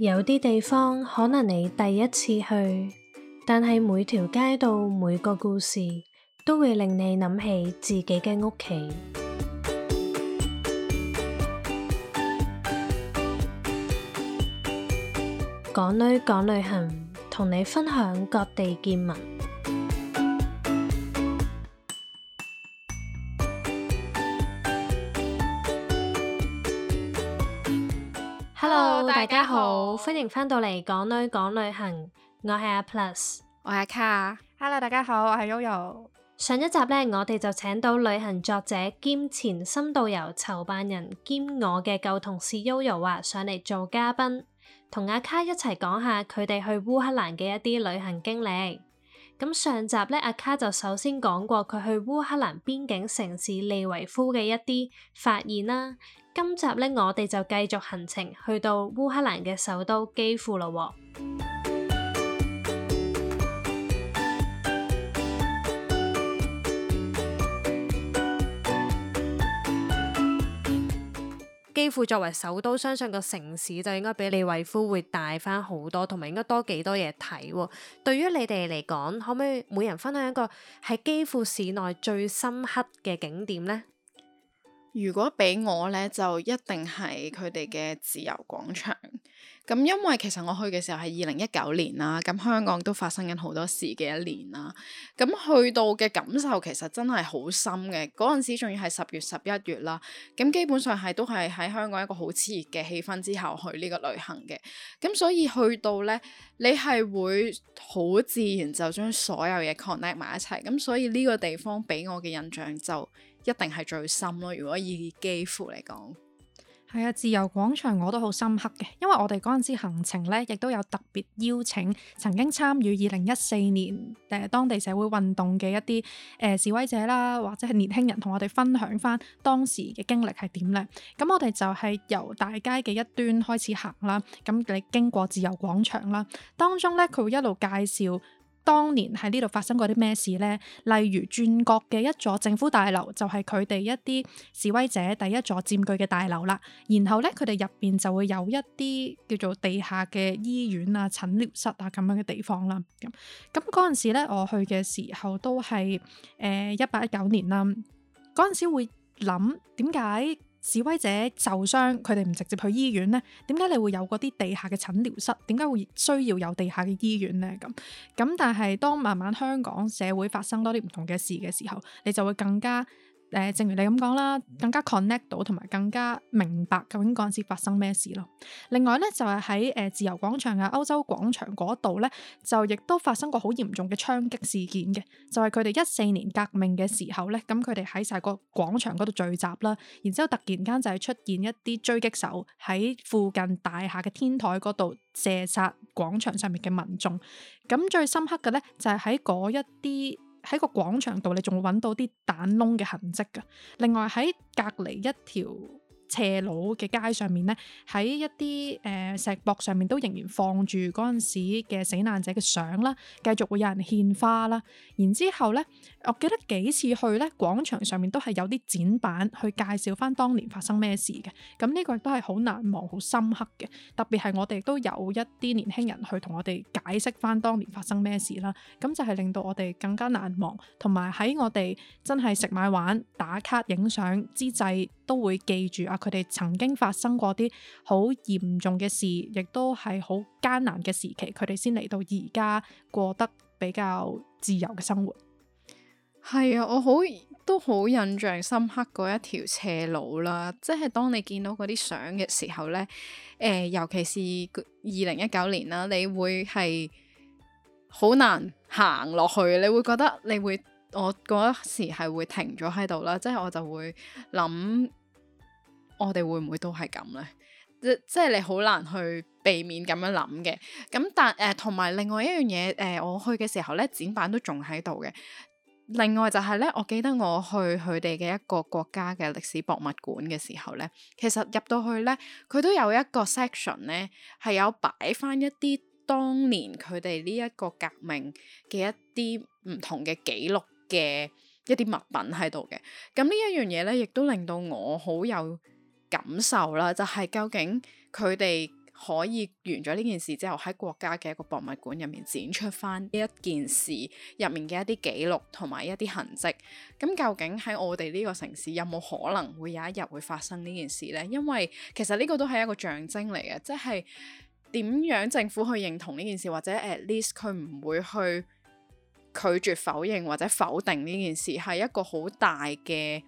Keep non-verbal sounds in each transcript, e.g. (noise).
有啲地方可能你第一次去，但係每條街道，每個故事都會令你諗起自己嘅屋企。港女講旅行，同你分享各地見聞。大家好，大家好，歡迎返到嚟《港女港旅行》，我係阿 Plus，我係阿卡。Hello，大家好，我係 Yoyo。上一集呢，我哋就請到旅行作者兼前深度遊籌辦人兼我嘅舊同事 Yoyo 啊上嚟做嘉賓，同阿卡一齊講下佢哋去烏克蘭嘅一啲旅行經歷。咁上集咧，阿卡就首先講過佢去烏克蘭邊境城市利維夫嘅一啲發現啦。今集咧，我哋就繼續行程去到烏克蘭嘅首都基輔咯。基輔作為首都，相信個城市就應該比李維夫會大翻好多，同埋應該多幾多嘢睇。對於你哋嚟講，可唔可以每人分享一個喺基輔市內最深刻嘅景點呢？如果俾我呢，就一定係佢哋嘅自由廣場。咁因為其實我去嘅時候係二零一九年啦，咁香港都發生緊好多事嘅一年啦。咁去到嘅感受其實真係好深嘅，嗰陣時仲要係十月十一月啦。咁基本上係都係喺香港一個好熾熱嘅氣氛之後去呢個旅行嘅。咁所以去到呢，你係會好自然就將所有嘢 connect 埋一齊。咁所以呢個地方俾我嘅印象就一定係最深咯。如果以基輔嚟講。係啊，自由廣場我都好深刻嘅，因為我哋嗰陣時行程呢，亦都有特別邀請曾經參與二零一四年誒、呃、當地社會運動嘅一啲誒、呃、示威者啦，或者係年輕人同我哋分享翻當時嘅經歷係點呢。咁我哋就係由大街嘅一端開始行啦，咁你經過自由廣場啦，當中呢，佢會一路介紹。當年喺呢度發生過啲咩事呢？例如轉角嘅一座政府大樓，就係佢哋一啲示威者第一座佔據嘅大樓啦。然後呢，佢哋入邊就會有一啲叫做地下嘅醫院啊、診療室啊咁樣嘅地方啦。咁嗰陣時呢，我去嘅時候都係誒一八一九年啦。嗰陣時會諗點解，示威者受傷，佢哋唔直接去醫院呢？點解你會有嗰啲地下嘅診療室？點解會需要有地下嘅醫院呢？咁咁，但係當慢慢香港社會發生多啲唔同嘅事嘅時候，你就會更加。誒、呃，正如你咁講啦，更加 connect 到同埋更加明白究竟嗰陣時發生咩事咯。另外呢，就係喺誒自由廣場嘅、啊、歐洲廣場嗰度呢，就亦都發生過好嚴重嘅槍擊事件嘅。就係佢哋一四年革命嘅時候呢，咁佢哋喺晒個廣場嗰度聚集啦，然之後突然間就係出現一啲狙擊手喺附近大廈嘅天台嗰度射殺廣場上面嘅民眾。咁最深刻嘅呢，就係喺嗰一啲。喺個廣場度，你仲會揾到啲彈窿嘅痕跡㗎。另外喺隔離一條斜路嘅街上面呢，喺一啲誒、呃、石博上面都仍然放住嗰陣時嘅死難者嘅相啦，繼續會有人獻花啦。然之後呢，我記得幾次去呢，廣場上面都係有啲展板去介紹翻，當年發生咩事嘅。咁呢個都係好難忘、好深刻嘅。特別係我哋都有一啲年輕人去同我哋解釋翻當年發生咩事啦。咁就係令到我哋更加難忘，同埋喺我哋真係食買玩、打卡、影相之際。都會記住啊！佢哋曾經發生過啲好嚴重嘅事，亦都係好艱難嘅時期，佢哋先嚟到而家過得比較自由嘅生活。係啊，我好都好印象深刻嗰一條斜路啦，即係當你見到嗰啲相嘅時候呢，誒、呃，尤其是二零一九年啦，你會係好難行落去，你會覺得你會我嗰時係會停咗喺度啦，即係我就會諗。我哋會唔會都係咁呢？即即係你好難去避免咁樣諗嘅。咁但誒同埋另外一樣嘢誒，我去嘅時候咧，展板都仲喺度嘅。另外就係咧，我記得我去佢哋嘅一個國家嘅歷史博物館嘅時候咧，其實入到去咧，佢都有一個 section 咧，係有擺翻一啲當年佢哋呢一個革命嘅一啲唔同嘅記錄嘅一啲物品喺度嘅。咁呢一樣嘢咧，亦都令到我好有感受啦，就係究竟佢哋可以完咗呢件事之後，喺國家嘅一個博物館入面展出翻呢一件事入面嘅一啲記錄同埋一啲痕跡，咁究竟喺我哋呢個城市有冇可能會有一日會發生呢件事咧？因為其實呢個都係一個象徵嚟嘅，即係點樣政府去認同呢件事，或者 at least 佢唔會去拒絕否認或者否定呢件事，係一個好大嘅。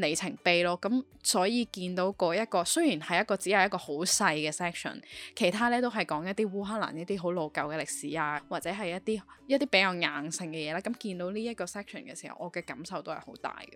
里程碑咯，咁所以見到嗰一個雖然係一個只係一個好細嘅 section，其他咧都係講一啲烏克蘭一啲好老舊嘅歷史啊，或者係一啲一啲比較硬性嘅嘢啦。咁見到呢一個 section 嘅時候，我嘅感受都係好大嘅。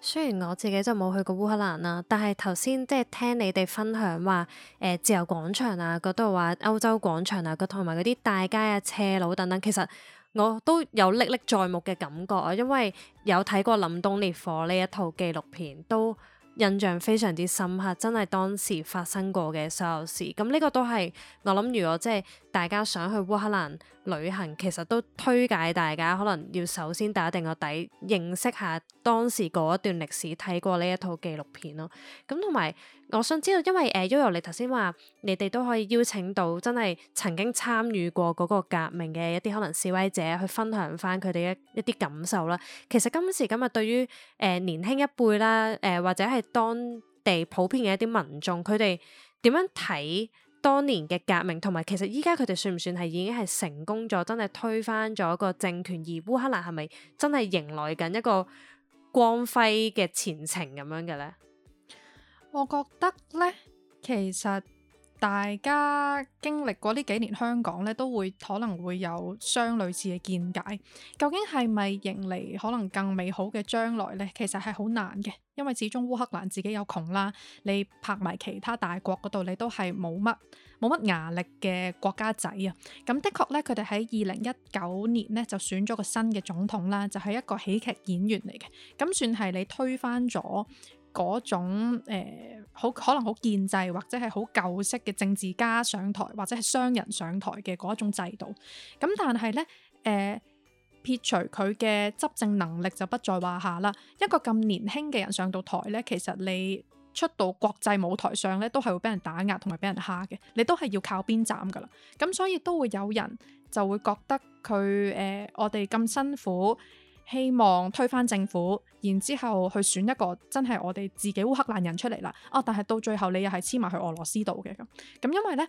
雖然我自己就冇去過烏克蘭啦，但係頭先即係聽你哋分享話，誒、呃、自由廣場啊嗰度話，歐洲廣場啊嗰同埋嗰啲大街啊、斜路等等，其實。我都有歷歷在目嘅感覺啊，因為有睇過《凜冬烈火》呢一套紀錄片，都印象非常之深刻，真係當時發生過嘅所有事。咁、嗯、呢、這個都係我諗，如果即係大家想去烏克蘭旅行，其實都推介大家可能要首先打定個底，認識下當時嗰一段歷史，睇過呢一套紀錄片咯。咁同埋。我想知道，因為誒，Yoyo 你頭先話，你哋都可以邀請到真係曾經參與過嗰個革命嘅一啲可能示威者去分享翻佢哋一一啲感受啦。其實今時今日對於誒、呃、年輕一輩啦，誒、呃、或者係當地普遍嘅一啲民眾，佢哋點樣睇當年嘅革命，同埋其實依家佢哋算唔算係已經係成功咗，真係推翻咗個政權？而烏克蘭係咪真係迎來緊一個光輝嘅前程咁樣嘅咧？我覺得呢，其實大家經歷過呢幾年香港呢，都會可能會有相類似嘅見解。究竟係咪迎嚟，可能更美好嘅將來呢？其實係好難嘅，因為始終烏克蘭自己有窮啦，你拍埋其他大國嗰度，你都係冇乜冇乜牙力嘅國家仔啊。咁的確呢，佢哋喺二零一九年呢，就選咗個新嘅總統啦，就係一個喜劇演員嚟嘅，咁算係你推翻咗。嗰種好、呃、可能好建制，或者係好舊式嘅政治家上台，或者係商人上台嘅嗰一種制度，咁但係呢，誒、呃、撇除佢嘅執政能力就不在話下啦。一個咁年輕嘅人上到台呢，其實你出到國際舞台上呢，都係會俾人打壓同埋俾人蝦嘅，你都係要靠邊站噶啦。咁所以都會有人就會覺得佢誒、呃、我哋咁辛苦，希望推翻政府。然之後去選一個真係我哋自己烏克蘭人出嚟啦，哦！但係到最後你又係黐埋去俄羅斯度嘅咁，咁、嗯、因為呢，誒、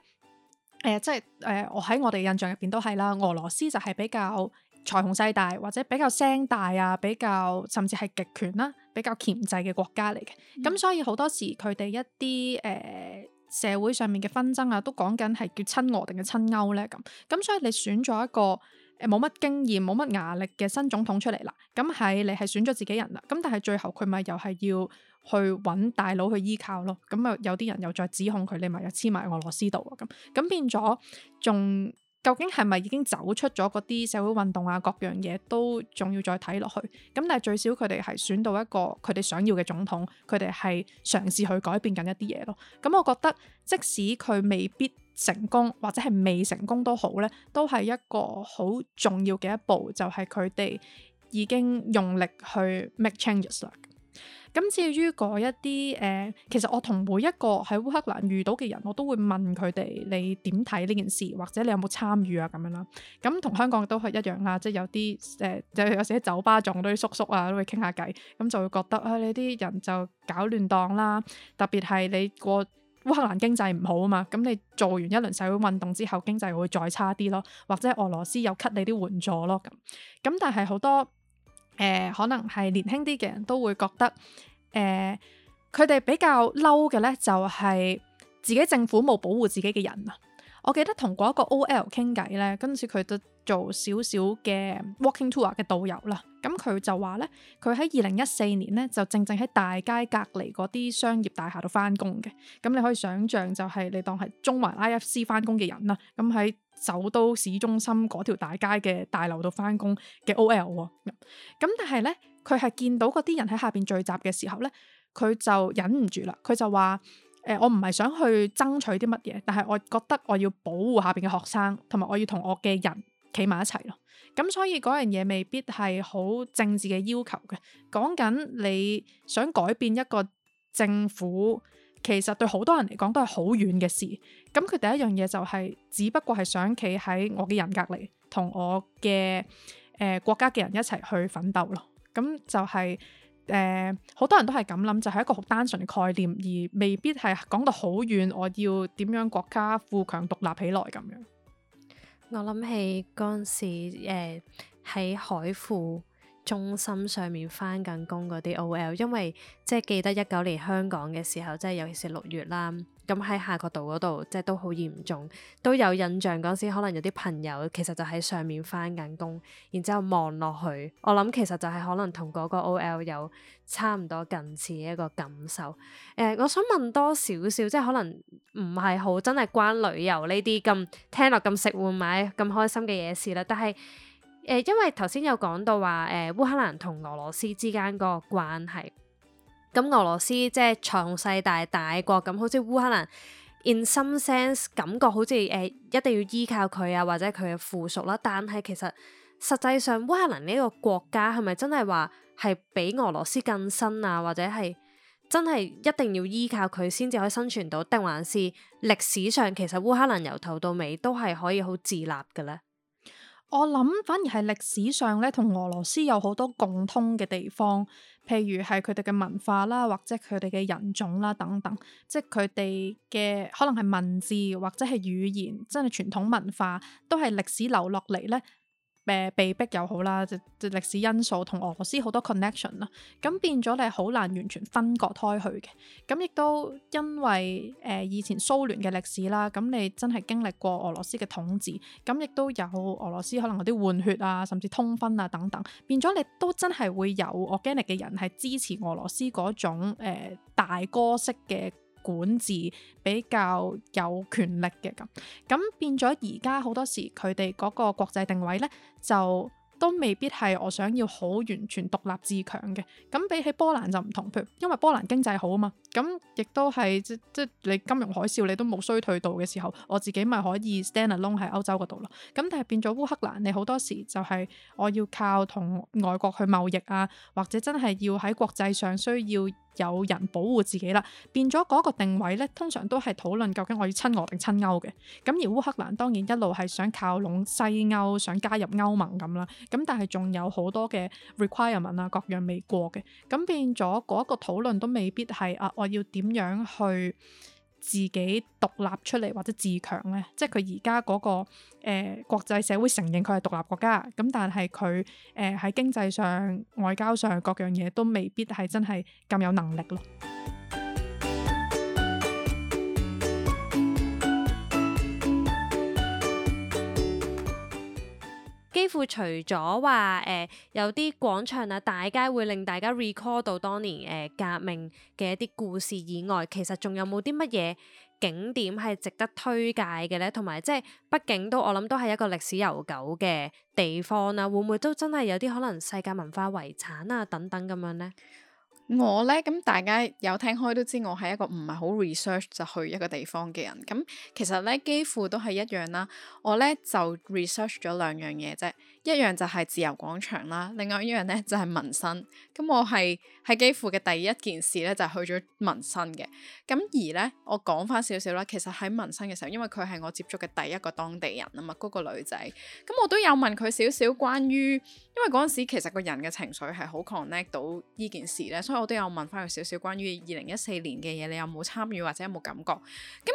呃、即係誒、呃、我喺我哋印象入邊都係啦，俄羅斯就係比較財雄勢大，或者比較聲大啊，比較甚至係極權啦，比較鉗制嘅國家嚟嘅，咁、嗯、所以好多時佢哋一啲誒、呃、社會上面嘅紛爭啊，都講緊係叫親俄定係親歐呢。咁，咁所以你選咗一個。冇乜經驗、冇乜牙力嘅新總統出嚟啦，咁係你係選咗自己人啦，咁但係最後佢咪又係要去揾大佬去依靠咯，咁咪有啲人又再指控佢，你咪又黐埋俄羅斯度啊咁，咁變咗仲究竟係咪已經走出咗嗰啲社會運動啊？各樣嘢都仲要再睇落去，咁但係最少佢哋係選到一個佢哋想要嘅總統，佢哋係嘗試去改變緊一啲嘢咯。咁我覺得即使佢未必。成功或者係未成功都好咧，都係一個好重要嘅一步，就係佢哋已經用力去 make changes 啦。咁至於嗰一啲誒，其實我同每一個喺烏克蘭遇到嘅人，我都會問佢哋你點睇呢件事，或者你有冇參與啊咁樣啦。咁同香港都係一樣啦，即係有啲誒，呃、就有時喺酒吧撞到啲叔叔啊，都會傾下偈，咁就會覺得啊，你啲人就搞亂檔啦，特別係你過。烏克蘭經濟唔好啊嘛，咁你做完一輪社會運動之後，經濟會再差啲咯，或者俄羅斯又 cut 你啲援助咯咁，咁但係好多誒、呃，可能係年輕啲嘅人都會覺得誒，佢、呃、哋比較嬲嘅咧就係自己政府冇保護自己嘅人啊。我記得同過一個 OL 傾偈呢，嗰陣時佢都做少少嘅 Walking Tour 嘅導遊啦。咁佢就話呢，佢喺二零一四年呢，就正正喺大街隔離嗰啲商業大廈度翻工嘅。咁你可以想像就係你當係中環 IFC 翻工嘅人啦。咁喺首都市中心嗰條大街嘅大樓度翻工嘅 OL 喎。咁但係呢，佢係見到嗰啲人喺下邊聚集嘅時候呢，佢就忍唔住啦。佢就話。誒、呃，我唔係想去爭取啲乜嘢，但係我覺得我要保護下邊嘅學生，同埋我要同我嘅人企埋一齊咯。咁所以嗰樣嘢未必係好政治嘅要求嘅。講緊你想改變一個政府，其實對好多人嚟講都係好遠嘅事。咁佢第一樣嘢就係、是，只不過係想企喺我嘅人隔離，同我嘅誒、呃、國家嘅人一齊去奮鬥咯。咁就係、是。誒好、呃、多人都係咁諗，就係、是、一個好單純嘅概念，而未必係講到好遠。我要點樣國家富強獨立起來咁樣？我諗起嗰陣時，誒、呃、喺海富中心上面返緊工嗰啲 O.L.，因為即係記得一九年香港嘅時候，即係尤其是六月啦，咁喺夏慤道嗰度即係都好嚴重，都有印象嗰時可能有啲朋友其實就喺上面返緊工，然之後望落去，我諗其實就係可能同嗰個 O.L. 有差唔多近似嘅一個感受。誒、呃，我想問多少少，即係可能唔係好真係關旅遊呢啲咁聽落咁食碗米咁開心嘅嘢事啦，但係。誒，因為頭先有講到話，誒、呃、烏克蘭同俄羅斯之間嗰個關係，咁、呃、俄羅斯即係長勢大大國，咁好似烏克蘭，in some sense 感覺好似誒、呃、一定要依靠佢啊，或者佢嘅附屬啦。但係其實實際上烏克蘭呢一個國家係咪真係話係比俄羅斯更深啊？或者係真係一定要依靠佢先至可以生存到，定還是歷史上其實烏克蘭由頭到尾都係可以好自立嘅呢？我諗反而係歷史上咧，同俄羅斯有好多共通嘅地方，譬如係佢哋嘅文化啦，或者佢哋嘅人種啦等等，即係佢哋嘅可能係文字或者係語言，真係傳統文化都係歷史留落嚟咧。呃、被逼又好啦，即即歷史因素同俄羅斯好多 connection 啦，咁變咗你好難完全分割開去嘅。咁亦都因為誒、呃、以前蘇聯嘅歷史啦，咁你真係經歷過俄羅斯嘅統治，咁亦都有俄羅斯可能有啲換血啊，甚至通婚啊等等，變咗你都真係會有 organic 嘅人係支持俄羅斯嗰種、呃、大哥式嘅管治比較有權力嘅咁，咁變咗而家好多時佢哋嗰個國際定位呢，就都未必係我想要好完全獨立自強嘅。咁比起波蘭就唔同，譬如因為波蘭經濟好啊嘛，咁亦都係即即你金融海嘯你都冇衰退到嘅時候，我自己咪可以 standalone 喺歐洲嗰度咯。咁但係變咗烏克蘭，你好多時就係我要靠同外國去貿易啊，或者真係要喺國際上需要有人保護自己啦，變咗嗰個定位呢，通常都係討論究竟我要親俄定親歐嘅。咁而烏克蘭當然一路係想靠攏西歐，想加入歐盟咁啦。咁但係仲有好多嘅 requirement 啊，各樣未過嘅。咁變咗嗰一個討論都未必係啊，我要點樣去？自己獨立出嚟或者自強呢，即係佢而家嗰個誒、呃、國際社會承認佢係獨立國家，咁但係佢誒喺經濟上、外交上各樣嘢都未必係真係咁有能力咯。似乎除咗話誒有啲廣場啊、大街會令大家 record 到當年誒、呃、革命嘅一啲故事以外，其實仲有冇啲乜嘢景點係值得推介嘅咧？同埋即係，畢竟都我諗都係一個歷史悠久嘅地方啦、啊，會唔會都真係有啲可能世界文化遺產啊等等咁樣咧？我呢，咁，大家有聽開都知，我係一個唔係好 research 就去一個地方嘅人。咁其實呢，幾乎都係一樣啦。我呢，就 research 咗兩樣嘢啫。一樣就係自由廣場啦，另外一樣咧就係紋身。咁我係喺幾乎嘅第一件事咧就係去咗紋身嘅。咁而咧，我講翻少少啦。其實喺紋身嘅時候，因為佢係我接觸嘅第一個當地人啊嘛，嗰、那個女仔。咁我都有問佢少少關於，因為嗰陣時其實個人嘅情緒係好 connect 到呢件事咧，所以我都有問翻佢少少關於二零一四年嘅嘢，你有冇參與或者有冇感覺？咁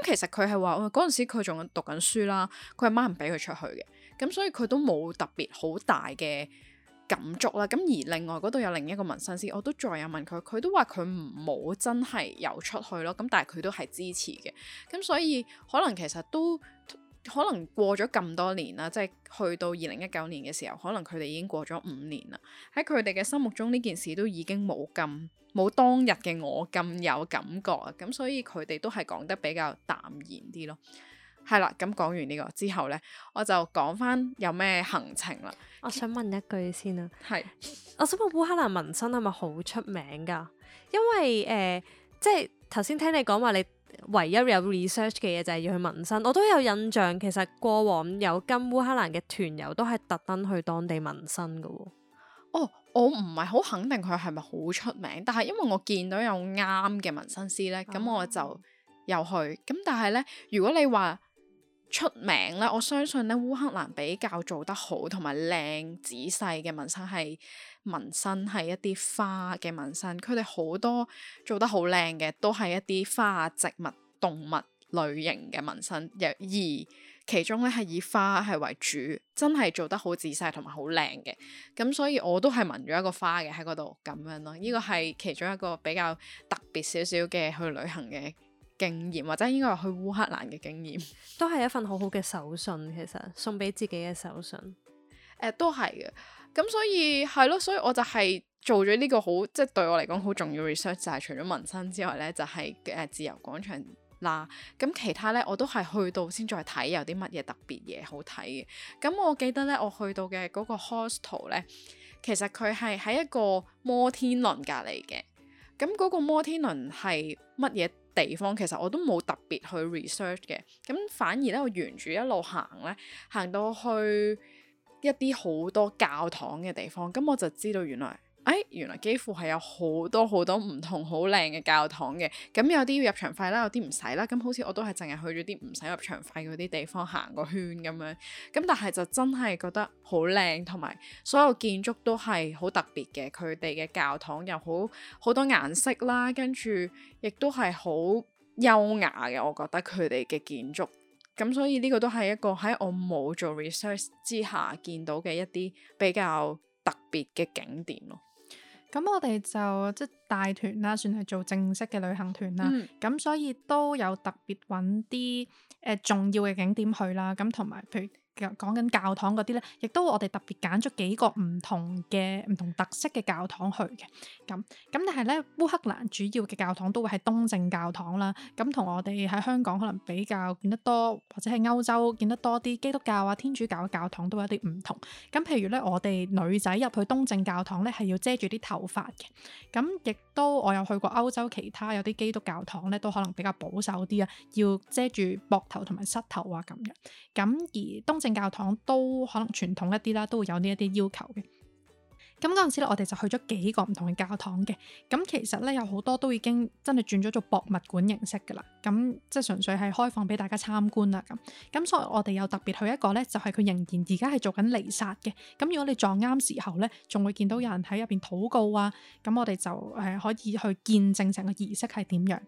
其實佢係話，嗰陣時佢仲讀緊書啦，佢阿媽唔俾佢出去嘅。咁所以佢都冇特別好大嘅感觸啦。咁而另外嗰度有另一個紋身師，我都再有問佢，佢都話佢冇真係有出去咯。咁但係佢都係支持嘅。咁所以可能其實都可能過咗咁多年啦，即係去到二零一九年嘅時候，可能佢哋已經過咗五年啦。喺佢哋嘅心目中呢件事都已經冇咁冇當日嘅我咁有感覺啊。咁所以佢哋都係講得比較淡然啲咯。係啦，咁講完呢個之後咧，我就講翻有咩行程啦。我想問一句先啦，係是我想問烏克蘭紋身係咪好出名噶？因為誒、呃，即係頭先聽你講話，你唯一有 research 嘅嘢就係要去紋身。我都有印象，其實過往有跟烏克蘭嘅團友都係特登去當地紋身噶。哦，我唔係好肯定佢係咪好出名，但係因為我見到有啱嘅紋身師咧，咁、嗯、我就又去。咁但係咧，如果你話，出名咧，我相信咧，烏克蘭比較做得好同埋靚仔細嘅紋身係紋身係一啲花嘅紋身，佢哋好多做得好靚嘅都係一啲花、植物、動物類型嘅紋身，而其中咧係以花係為主，真係做得好仔細同埋好靚嘅。咁所以我都係紋咗一個花嘅喺嗰度咁樣咯，呢個係其中一個比較特別少少嘅去旅行嘅。經驗或者應該話去烏克蘭嘅經驗，都係一份好好嘅手信。其實送俾自己嘅手信，誒、呃、都係嘅。咁所以係咯，所以我就係做咗呢個好，即、就、係、是、對我嚟講好重要 research，就係除咗民生之外呢就係、是、誒自由廣場啦。咁其他呢，我都係去到先再睇有啲乜嘢特別嘢好睇嘅。咁我記得呢，我去到嘅嗰個 hostel 呢，其實佢係喺一個摩天輪隔離嘅。咁嗰個摩天輪係乜嘢？地方其實我都冇特別去 research 嘅，咁反而呢我沿住一路行呢，行到去一啲好多教堂嘅地方，咁我就知道原來。原來幾乎係有好多好多唔同好靚嘅教堂嘅。咁有啲要入場費啦，有啲唔使啦。咁好似我都係淨係去咗啲唔使入場費嗰啲地方行個圈咁樣。咁但係就真係覺得好靚，同埋所有建築都係好特別嘅。佢哋嘅教堂又好好多顏色啦，跟住亦都係好優雅嘅。我覺得佢哋嘅建築咁，所以呢個都係一個喺我冇做 research 之下見到嘅一啲比較特別嘅景點咯。咁我哋就即係大團啦，算係做正式嘅旅行團啦，咁、嗯、所以都有特別揾啲誒重要嘅景點去啦，咁同埋譬如。講緊教堂嗰啲呢，亦都我哋特別揀咗幾個唔同嘅唔同特色嘅教堂去嘅。咁咁，但係呢，烏克蘭主要嘅教堂都會係東正教堂啦。咁同我哋喺香港可能比較見得多，或者係歐洲見得多啲基督教啊、天主教嘅教堂都會有啲唔同。咁譬如呢，我哋女仔入去東正教堂呢，係要遮住啲頭髮嘅。咁亦都我有去過歐洲其他有啲基督教堂呢，都可能比較保守啲啊，要遮住膊頭同埋膝頭啊咁樣。咁而東正教堂都可能傳統一啲啦，都會有呢一啲要求嘅。咁嗰陣時咧，我哋就去咗幾個唔同嘅教堂嘅。咁其實咧，有好多都已經真係轉咗做博物館形式噶啦。咁即係純粹係開放俾大家參觀啦。咁咁，所以我哋又特別去一個咧，就係、是、佢仍然而家係做緊彌撒嘅。咁如果你撞啱時候咧，仲會見到有人喺入邊禱告啊。咁我哋就誒、呃、可以去見證成個儀式係點樣。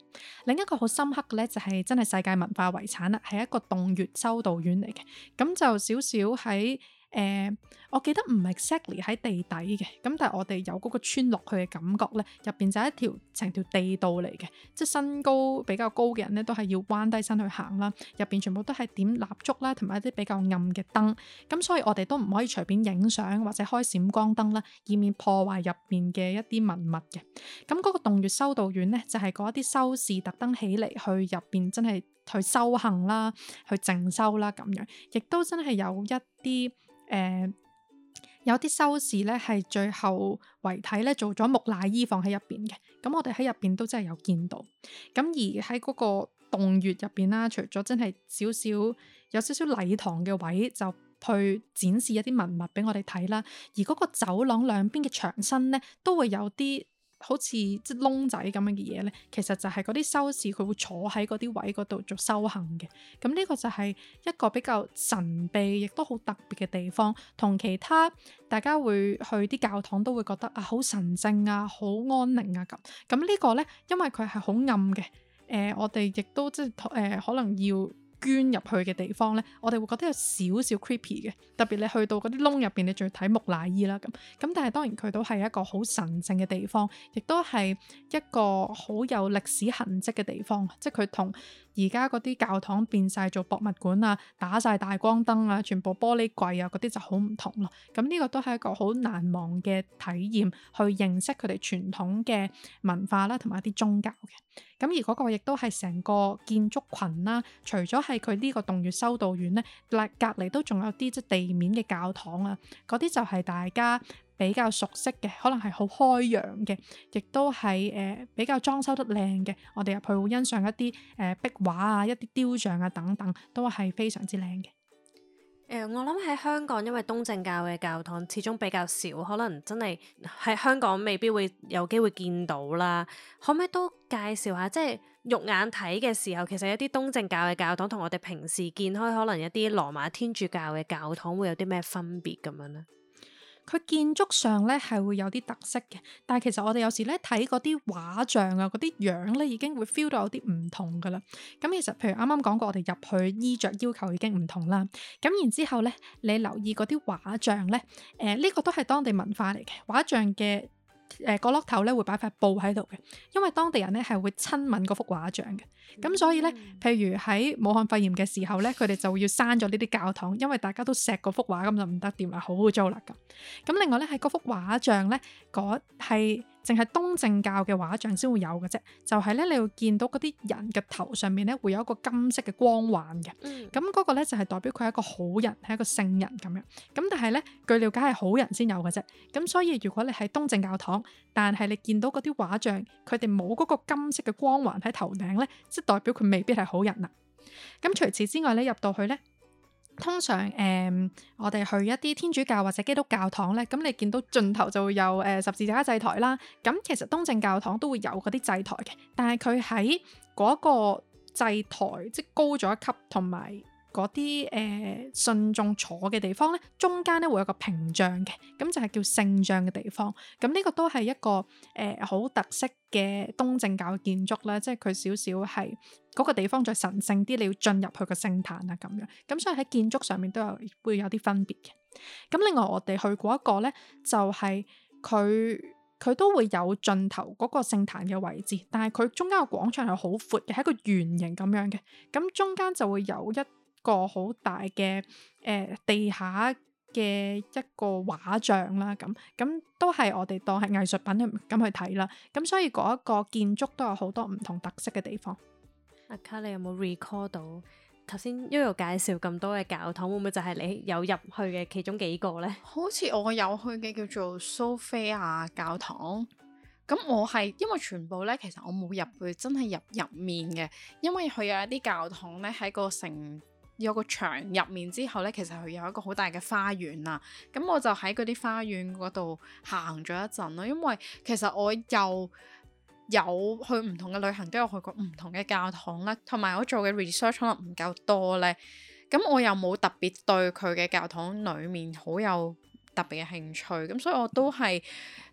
另一個好深刻嘅咧，就係、是、真係世界文化遺產啦，係一個洞穴修道院嚟嘅。咁就少少喺。誒，uh, 我記得唔係 exactly 喺地底嘅，咁但係我哋有嗰個穿落去嘅感覺，呢入邊就係一條成條地道嚟嘅，即身高比較高嘅人呢，都係要彎低身去行啦。入邊全部都係點蠟燭啦，同埋一啲比較暗嘅燈，咁所以我哋都唔可以隨便影相或者開閃光燈啦，以免破壞入邊嘅一啲文物嘅。咁嗰個洞穴修道院呢，就係嗰一啲修士特登起嚟去入邊，真係去修行啦，去靜修啦咁樣，亦都真係有一啲。誒，uh, 有啲收屍呢係最後遺體呢做咗木乃伊放喺入邊嘅。咁我哋喺入邊都真係有見到。咁而喺嗰個洞穴入邊啦，除咗真係少少有少少禮堂嘅位，就去展示一啲文物俾我哋睇啦。而嗰個走廊兩邊嘅牆身呢，都會有啲。好似即窿仔咁樣嘅嘢呢，其實就係嗰啲修士佢會坐喺嗰啲位嗰度做修行嘅。咁呢個就係一個比較神秘，亦都好特別嘅地方。同其他大家會去啲教堂都會覺得啊，好神聖啊，好安寧啊咁。咁呢個呢，因為佢係好暗嘅。誒、呃，我哋亦都即係誒，可能要捐入去嘅地方呢，我哋會覺得有少少 creepy 嘅，特別你去到嗰啲窿入邊，你仲要睇木乃伊啦咁。咁但係當然佢都係一個好神聖嘅地方，亦都係一個好有歷史痕跡嘅地方，即係佢同而家嗰啲教堂變晒做博物館啊，打晒大光燈啊，全部玻璃櫃啊嗰啲就好唔同咯。咁呢個都係一個好難忘嘅體驗，去認識佢哋傳統嘅文化啦，同埋一啲宗教嘅。咁而嗰個亦都係成個建築群啦，除咗係佢呢個洞穴修道院呢，隔離都仲有啲即地面嘅教堂啊，嗰啲就係大家比較熟悉嘅，可能係好開揚嘅，亦都係誒比較裝修得靚嘅。我哋入去會欣賞一啲誒、呃、壁畫啊、一啲雕像啊等等，都係非常之靚嘅。誒、呃，我諗喺香港，因為東正教嘅教堂始終比較少，可能真係喺香港未必會有機會見到啦。可唔可以都介紹下，即係肉眼睇嘅時候，其實一啲東正教嘅教堂同我哋平時見開可能一啲羅馬天主教嘅教堂會有啲咩分別咁樣呢？佢建築上咧係會有啲特色嘅，但係其實我哋有時咧睇嗰啲畫像啊、嗰啲樣呢，已經會 feel 到有啲唔同噶啦。咁其實譬如啱啱講過，我哋入去衣着要求已經唔同啦。咁然之後呢，你留意嗰啲畫像呢，誒呢個都係當地文化嚟嘅。畫像嘅誒角落頭呢，會擺塊布喺度嘅，因為當地人呢係會親吻嗰幅畫像嘅。咁所以呢，譬如喺武漢肺炎嘅時候呢，佢哋就要閂咗呢啲教堂，因為大家都錫嗰幅畫，咁就唔得掂啦，好污糟啦咁。另外呢，係嗰幅畫像呢，嗰係淨係東正教嘅畫像先會有嘅啫。就係呢，你會見到嗰啲人嘅頭上面呢，會有一個金色嘅光環嘅。嗯。咁嗰個咧就係代表佢係一個好人，係一個聖人咁樣。咁但係呢，據了解係好人先有嘅啫。咁所以如果你係東正教堂，但係你見到嗰啲畫像，佢哋冇嗰個金色嘅光環喺頭頂呢。代表佢未必係好人啊！咁除此之外呢，入到去呢，通常誒、嗯，我哋去一啲天主教或者基督教堂呢，咁你見到盡頭就會有誒、呃、十字架祭台啦。咁其實東正教堂都會有嗰啲祭台嘅，但係佢喺嗰個祭台即、即係、高咗一級，同埋。嗰啲誒信眾坐嘅地方呢，中間呢會有個屏障嘅，咁就係叫聖像嘅地方。咁呢個都係一個誒好、呃、特色嘅東正教建築啦，即係佢少少係嗰個地方再神聖啲，你要進入去個聖壇啊咁樣。咁所以喺建築上面都有會有啲分別嘅。咁另外我哋去過一個呢，就係佢佢都會有盡頭嗰個聖壇嘅位置，但係佢中間個廣場係好闊嘅，係一個圓形咁樣嘅，咁中間就會有一。個好大嘅誒地下嘅一個畫像啦，咁咁都係我哋當係藝術品咁去睇啦。咁所以嗰一個建築都有好多唔同特色嘅地方。阿卡，你有冇 recall 到頭先 Yoyo 介紹咁多嘅教堂，會唔會就係你有入去嘅其中幾個咧？好似我有去嘅叫做蘇菲亞教堂。咁我係因為全部咧，其實我冇入去，真係入入面嘅，因為佢有一啲教堂咧喺個城。有個牆入面之後呢，其實佢有一個好大嘅花園啊。咁我就喺嗰啲花園嗰度行咗一陣咯。因為其實我又有，有去唔同嘅旅行，都有去過唔同嘅教堂啦，同埋我做嘅 research 可能唔夠多呢。咁我又冇特別對佢嘅教堂裡面好有特別嘅興趣，咁所以我都係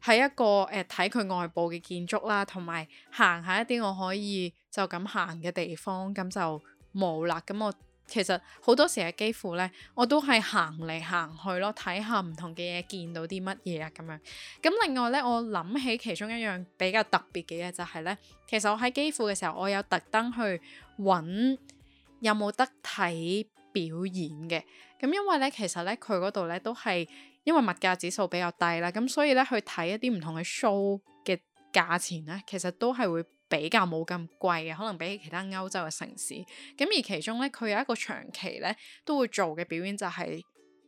喺一個誒睇佢外部嘅建築啦，同埋行下一啲我可以就咁行嘅地方，咁就冇啦。咁我。其實好多時喺基輔咧，我都係行嚟行去咯，睇下唔同嘅嘢，見到啲乜嘢啊咁樣。咁另外咧，我諗起其中一樣比較特別嘅嘢就係咧，其實我喺基輔嘅時候，我有特登去揾有冇得睇表演嘅。咁因為咧，其實咧佢嗰度咧都係因為物價指數比較低啦，咁所以咧去睇一啲唔同嘅 show 嘅價錢咧，其實都係會，比較冇咁貴嘅，可能比起其他歐洲嘅城市。咁而其中咧，佢有一個長期咧都會做嘅表演就係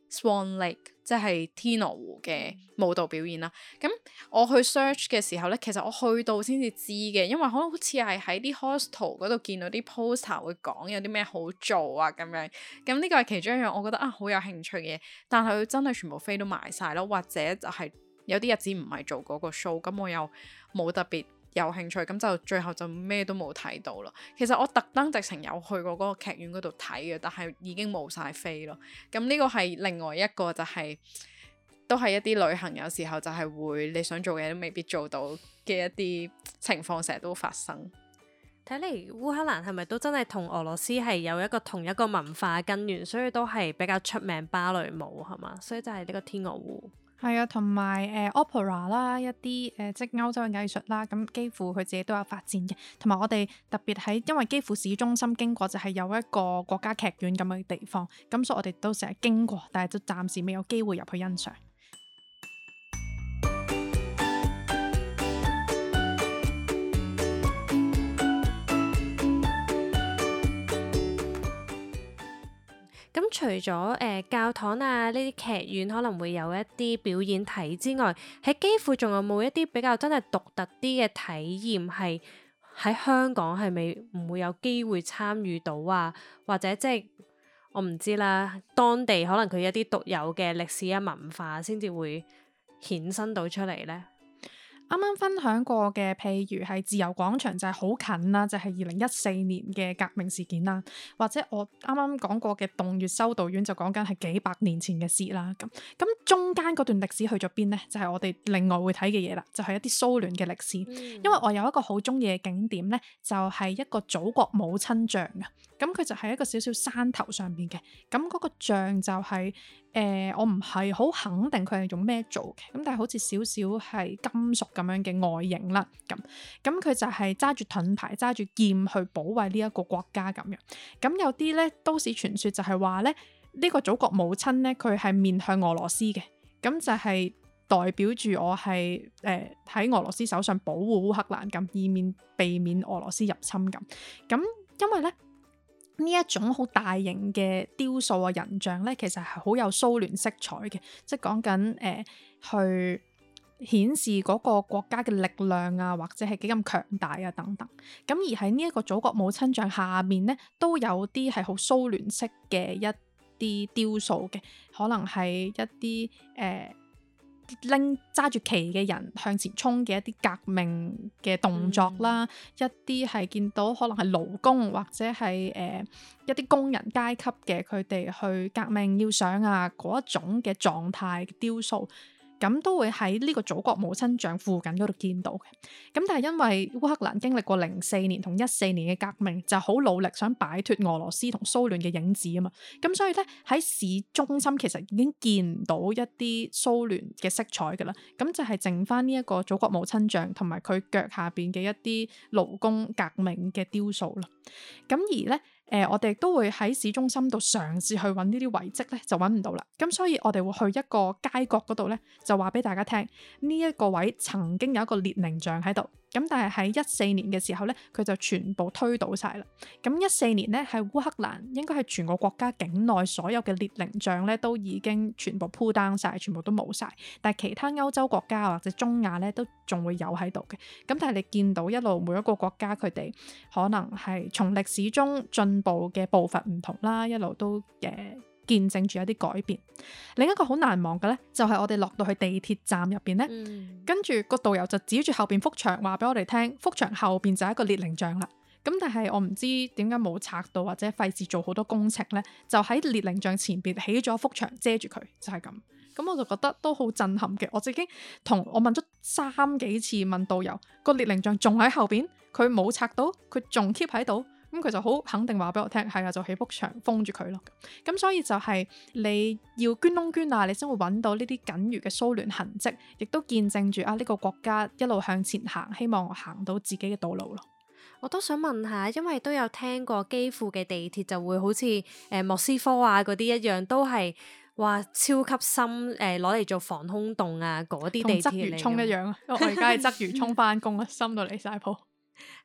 Swan Lake，即係天鵝湖嘅舞蹈表演啦。咁我去 search 嘅時候咧，其實我去到先至知嘅，因為好似係喺啲 hostel 嗰度見到啲 poster 會講有啲咩好做啊咁樣。咁呢個係其中一樣我覺得啊好有興趣嘅嘢，但係佢真係全部飛都賣晒咯，或者就係有啲日子唔係做嗰個 show，咁我又冇特別，有興趣，咁就最後就咩都冇睇到咯。其實我特登直情有去過嗰個劇院嗰度睇嘅，但係已經冇晒飛咯。咁呢個係另外一個就係都係一啲旅行有時候就係會你想做嘅嘢都未必做到嘅一啲情況，成日都發生。睇嚟烏克蘭係咪都真係同俄羅斯係有一個同一個文化根源，所以都係比較出名芭蕾舞係嘛，所以就係呢個天鵝湖。係啊，同埋誒 Opera 啦，一啲誒、呃、即係歐洲嘅藝術啦，咁幾乎佢自己都有發展嘅。同埋我哋特別喺，因為幾乎市中心經過就係有一個國家劇院咁嘅地方，咁所以我哋都成日經過，但係都暫時未有機會入去欣賞。除咗誒、呃、教堂啊，呢啲劇院可能會有一啲表演睇之外，喺幾乎仲有冇一啲比較真係獨特啲嘅體驗，係喺香港係咪唔會有機會參與到啊？或者即、就、係、是、我唔知啦，當地可能佢一啲獨有嘅歷史啊文化，先至會衍生到出嚟咧。啱啱分享過嘅，譬如係自由廣場就係好近啦，就係二零一四年嘅革命事件啦，或者我啱啱講過嘅洞穴修道院就講緊係幾百年前嘅事啦。咁咁中間嗰段歷史去咗邊呢？就係我哋另外會睇嘅嘢啦，就係一啲蘇聯嘅歷史，因為我有一個好鍾意嘅景點呢，就係一個祖國母親像嘅。咁佢就係一個少少山頭上邊嘅咁嗰個像就係、是、誒、呃，我唔係好肯定佢係用咩做嘅咁，但係好似少少係金屬咁樣嘅外形啦。咁咁佢就係揸住盾牌、揸住劍去保衞呢一個國家咁樣。咁有啲呢都市傳說就係話呢，呢、呢個祖國母親呢，佢係面向俄羅斯嘅，咁就係代表住我係誒喺俄羅斯手上保護烏克蘭咁，以免避免俄羅斯入侵咁。咁因為呢。呢一種好大型嘅雕塑啊人像呢，其實係好有蘇聯色彩嘅，即係講緊誒去顯示嗰個國家嘅力量啊，或者係幾咁強大啊等等。咁而喺呢一個祖國母親像下面呢，都有啲係好蘇聯式嘅一啲雕塑嘅，可能係一啲誒、呃拎揸住旗嘅人向前衝嘅一啲革命嘅動作啦，嗯、一啲係見到可能係勞工或者係誒、呃、一啲工人階級嘅佢哋去革命要上啊嗰一種嘅狀態雕塑。咁都會喺呢個祖國母親像附近嗰度見到嘅，咁但係因為烏克蘭經歷過零四年同一四年嘅革命，就好努力想擺脫俄羅斯同蘇聯嘅影子啊嘛，咁所以咧喺市中心其實已經見唔到一啲蘇聯嘅色彩噶啦，咁就係剩翻呢一個祖國母親像同埋佢腳下邊嘅一啲勞工革命嘅雕塑啦，咁而咧。誒、呃，我哋都會喺市中心度嘗試去揾呢啲遺跡呢，就揾唔到啦。咁所以我哋會去一個街角嗰度呢，就話俾大家聽，呢、這、一個位曾經有一個列寧像喺度。咁但係喺一四年嘅時候呢，佢就全部推倒晒啦。咁一四年呢，喺烏克蘭應該係全個國家境內所有嘅列寧像呢，都已經全部 pull down 曬，全部都冇晒。但係其他歐洲國家或者中亞呢，都仲會有喺度嘅。咁但係你見到一路每一個國家佢哋可能係從歷史中進步嘅步伐唔同啦，一路都嘅。Yeah. 見證住一啲改變，另一個好難忘嘅呢，就係、是、我哋落到去地鐵站入邊呢，跟住個導遊就指住後邊幅牆話俾我哋聽，幅牆後邊就係一個列寧像啦。咁但係我唔知點解冇拆到或者費事做好多工程呢，就喺列寧像前邊起咗幅牆遮住佢，就係、是、咁。咁、嗯、我就覺得都好震撼嘅。我自己同我問咗三幾次，問導遊、個列寧像仲喺後邊，佢冇拆到，佢仲 keep 喺度。咁佢、嗯、就好肯定話俾我聽，係啊，就起幅牆封住佢咯。咁、嗯、所以就係、是、你要捐窿捐罅，你先會揾到呢啲僅餘嘅蘇聯痕跡，亦都見證住啊呢、這個國家一路向前行，希望行到自己嘅道路咯。我都想問下，因為都有聽過，基輔嘅地鐵就會好似誒、呃、莫斯科啊嗰啲一樣，都係話超級深誒攞嚟做防空洞啊嗰啲地鐵嚟，鰂魚涌一樣啊。 (laughs) 我而家係鰂魚涌返工啊，深到離晒譜。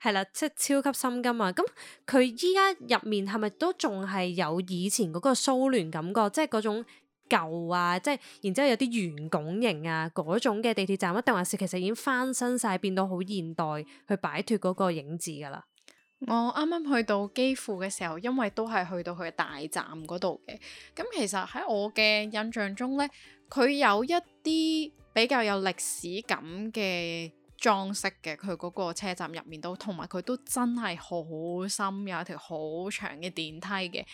係啦，即係超級深噶嘛。咁佢依家入面係咪都仲係有以前嗰個蘇聯感覺，即係嗰種舊啊，即係然之後有啲圓拱形啊嗰種嘅地鐵站，一定還是其實已經翻新晒，變到好現代，去擺脫嗰個影子噶啦？我啱啱去到基輔嘅時候，因為都係去到佢嘅大站嗰度嘅。咁其實喺我嘅印象中呢，佢有一啲比較有歷史感嘅裝飾嘅，佢嗰個車站入面都，同埋佢都真係好深，有一條好長嘅電梯嘅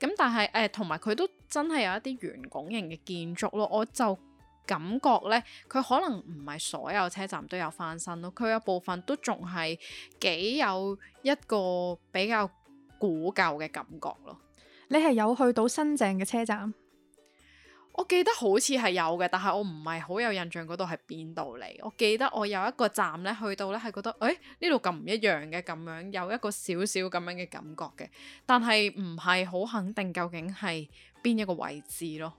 咁，但係誒，同埋佢都真係有一啲圓拱形嘅建築咯，我就感覺呢，佢可能唔係所有車站都有翻新咯，佢有部分都仲係幾有一個比較古舊嘅感覺咯。你係有去到新淨嘅車站？我記得好似係有嘅，但係我唔係好有印象嗰度係邊度嚟。我記得我有一個站呢去到呢，係覺得誒呢度咁唔一樣嘅，咁樣有一個少少咁樣嘅感覺嘅，但係唔係好肯定究竟係邊一個位置咯。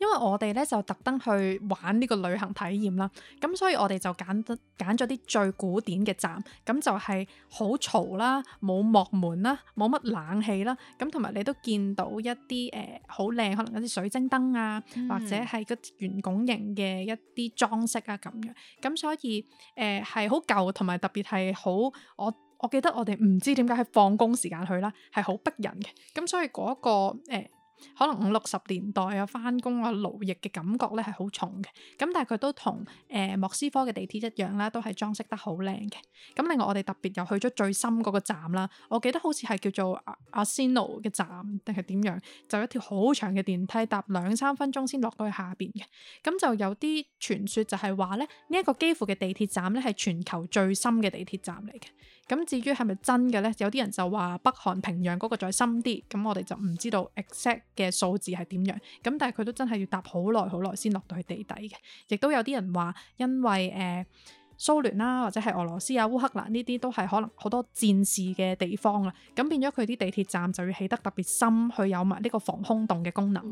因為我哋咧就特登去玩呢個旅行體驗啦，咁所以我哋就揀得揀咗啲最古典嘅站，咁就係好嘈啦，冇幕門啦，冇乜冷氣啦，咁同埋你都見到一啲誒好靚，可能有啲水晶燈啊，嗯、或者係個圓拱形嘅一啲裝飾啊咁樣，咁所以誒係好舊，同埋特別係好我我記得我哋唔知點解係放工時間去啦，係好逼人嘅，咁所以嗰、嗰個、呃可能五六十年代嘅翻工啊勞役嘅感覺咧係好重嘅，咁但係佢都同誒、呃、莫斯科嘅地鐵一樣啦，都係裝飾得好靚嘅。咁另外我哋特別又去咗最深嗰個站啦，我記得好似係叫做阿阿仙奴嘅站定係點樣，就一條好長嘅電梯，搭兩三分鐘先落到去下邊嘅。咁就有啲傳說就係話咧，呢、這、一個基輔嘅地鐵站咧係全球最深嘅地鐵站嚟嘅。咁至於係咪真嘅咧，有啲人就話北韓平壤嗰個再深啲，咁我哋就唔知道。Except 嘅數字係點樣？咁但係佢都真係要搭好耐好耐先落到去地底嘅。亦都有啲人話，因為誒、呃、蘇聯啦、啊，或者係俄羅斯啊、烏克蘭呢啲都係可能好多戰事嘅地方啦。咁變咗佢啲地鐵站就要起得特別深，去有埋呢個防空洞嘅功能。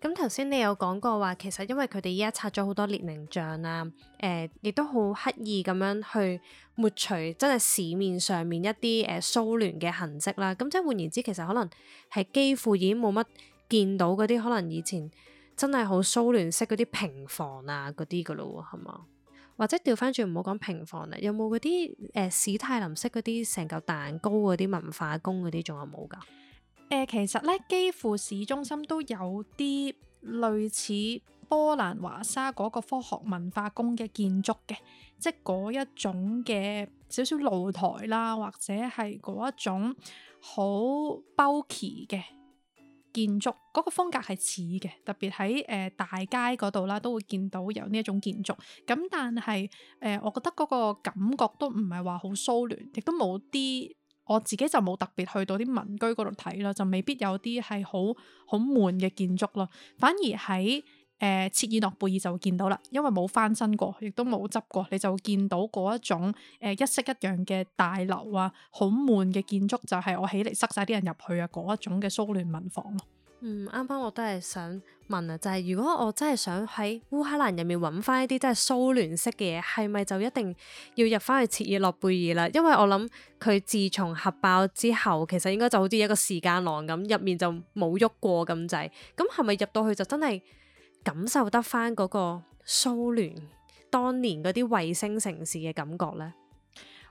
咁頭先你有講過話，其實因為佢哋依家拆咗好多列寧像啊，誒、呃、亦都好刻意咁樣去抹除真係市面上面一啲誒、呃、蘇聯嘅痕跡啦。咁即係換言之，其實可能係幾乎已經冇乜。見到嗰啲可能以前真係好蘇聯式嗰啲平房啊，嗰啲嘅咯喎，係嘛？或者調翻轉，唔好講平房啦，有冇嗰啲誒、史泰林式嗰啲成嚿蛋糕嗰啲文化宮嗰啲仲有冇㗎？誒、呃，其實咧幾乎市中心都有啲類似波蘭華沙嗰個科學文化宮嘅建築嘅，即係嗰一種嘅少少露台啦，或者係嗰一種好 bulky 嘅。建築嗰、那個風格係似嘅，特別喺誒、呃、大街嗰度啦，都會見到有呢一種建築。咁但係誒、呃，我覺得嗰個感覺都唔係話好蘇聯，亦都冇啲我自己就冇特別去到啲民居嗰度睇啦，就未必有啲係好好悶嘅建築咯。反而喺誒、呃、切爾諾貝爾就會見到啦，因為冇翻新過，亦都冇執過，你就會見到嗰、呃、一種誒一式一樣嘅大樓啊，好悶嘅建築就係我起嚟塞晒啲人入去啊嗰一種嘅蘇聯民房咯。嗯，啱啱我都係想問啊，就係、是、如果我真係想喺烏克蘭入面揾翻一啲真係蘇聯式嘅嘢，係咪就一定要入翻去切爾諾貝爾啦？因為我諗佢自從核爆之後，其實應該就好似一個時間廊咁，入面就冇喐過咁滯。咁係咪入到去就真係？感受得翻嗰個蘇聯當年嗰啲衛星城市嘅感覺呢，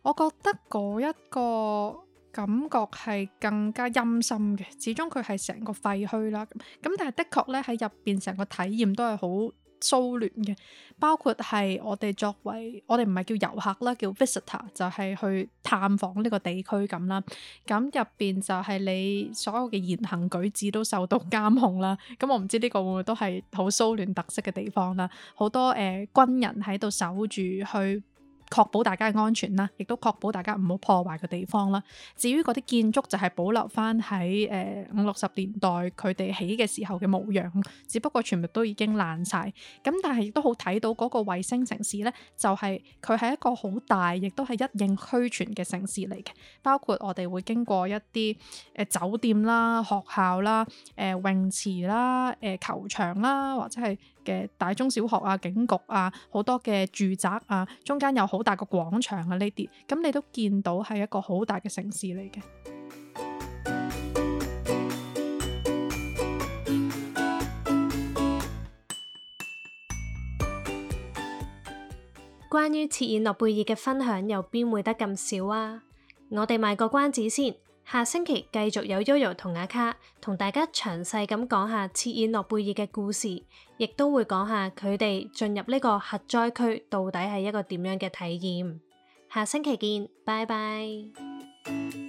我覺得嗰一個感覺係更加陰森嘅。始終佢係成個廢墟啦，咁但係的確呢，喺入邊成個體驗都係好蘇聯嘅，包括係我哋作為，我哋唔係叫遊客啦，叫 visitor，就係去探訪呢個地區咁啦。咁入邊就係你所有嘅言行舉止都受到監控啦。咁我唔知呢個會唔會都係好蘇聯特色嘅地方啦。好多誒、呃、軍人喺度守住去。確保大家嘅安全啦，亦都確保大家唔好破壞個地方啦。至於嗰啲建築就係保留返喺誒五六十年代佢哋起嘅時候嘅模樣，只不過全部都已經爛晒。咁但係亦都好睇到嗰個衛星城市呢，就係佢係一個好大，亦都係一應俱全嘅城市嚟嘅。包括我哋會經過一啲誒、呃、酒店啦、學校啦、誒、呃、泳池啦、誒、呃、球場啦，或者係。嘅大中小學啊、警局啊、好多嘅住宅啊，中間有好大個廣場啊，呢啲咁你都見到係一個好大嘅城市嚟嘅。啊、關於切爾諾貝爾嘅分享又邊會得咁少啊？我哋賣個關子先。下星期繼續有 Yoyo 同阿卡同大家詳細咁講下切爾諾貝爾嘅故事，亦都會講下佢哋進入呢個核災區到底係一個點樣嘅體驗。下星期見，拜拜。